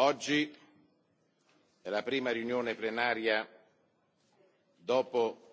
oggi è la prima riunione plenaria dopo